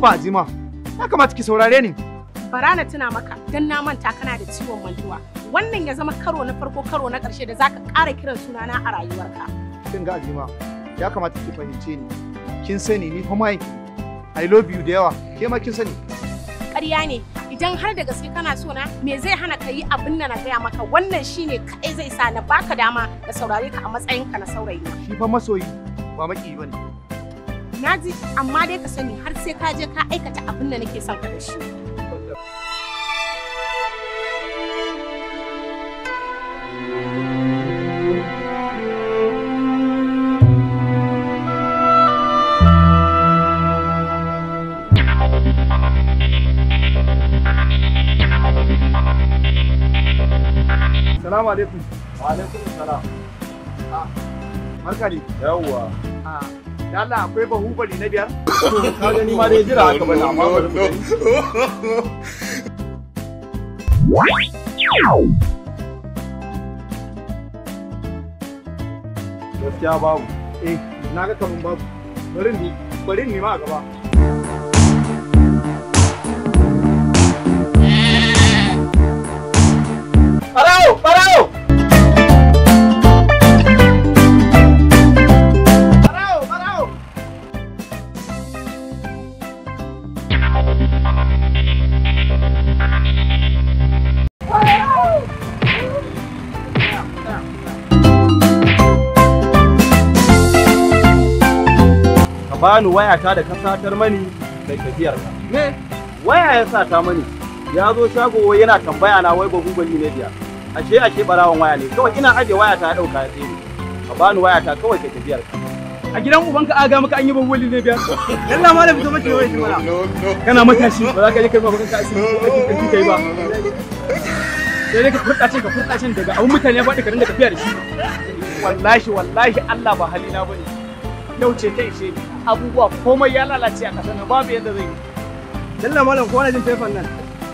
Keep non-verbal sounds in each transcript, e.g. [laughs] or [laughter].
Haba Azima, ya kamata ki saurare ni. Bara na tuna maka don na manta kana da ciwon mantuwa. Wannan ya zama karo na farko karo na ƙarshe da zaka ƙara kiran sunana a rayuwarka. Kin ga Azima, ya kamata ki fahimce ni. Kin sani ni fa mai I love you da yawa. Ke ma kin sani. Ƙarya ne, idan har da gaske kana so na me zai hana ka yi abin da na gaya maka wannan shine kai zai sa na baka dama da saurare ka a matsayinka na saurayi. Shi fa masoyi ba maki bane. na ji amma dai ka sani har sai ka je ka aikata abin da nake son ka da shi Salamu alaikum. Wa alaikum salam. Ah, barka ne. Yawwa. Ah, Dala akwai bahu bari na biyar? [laughs] Ka gani ma dai jira haka bane amma bari Gaskiya babu. Eh, na ga babu. Bari ni, bari ni ma a gaba. bani wayata da ka satar mani mai tafiyar ka me waya ya sata mani ya zo shago yana tambaya na wai bagubali ne biya ashe ashe barawan waya ne kawai ina ajiye wayata ya ɗauka, ya tsere ka bani wayata kawai ka tafiyar ka a gidan ubanka aga maka an yi bagubali ne biya lalla malam fito mace wai mana kana matashi ba za ka je kai ba ka asiri ko kai ba sai dai ka furta ce ka furta furɗacin daga abun mutane ya faɗi ka dinga tafiya da shi wallahi wallahi Allah ba halina bane yau ce ta ishe ni abubuwa komai ya lalace a ƙasar nan babu yadda zai yi dalla malam ko wani jin faifan nan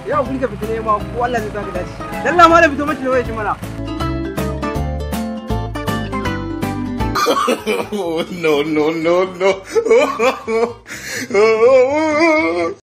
yau kun ka fita nema ko Allah zai saka dace dalla malam fito mace da wayar mana [laughs] oh, no no no no [laughs]